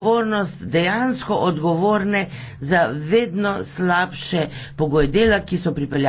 odgovornost dejansko odgovorne za vedno slabše pogoje dela, ki so pripeljali.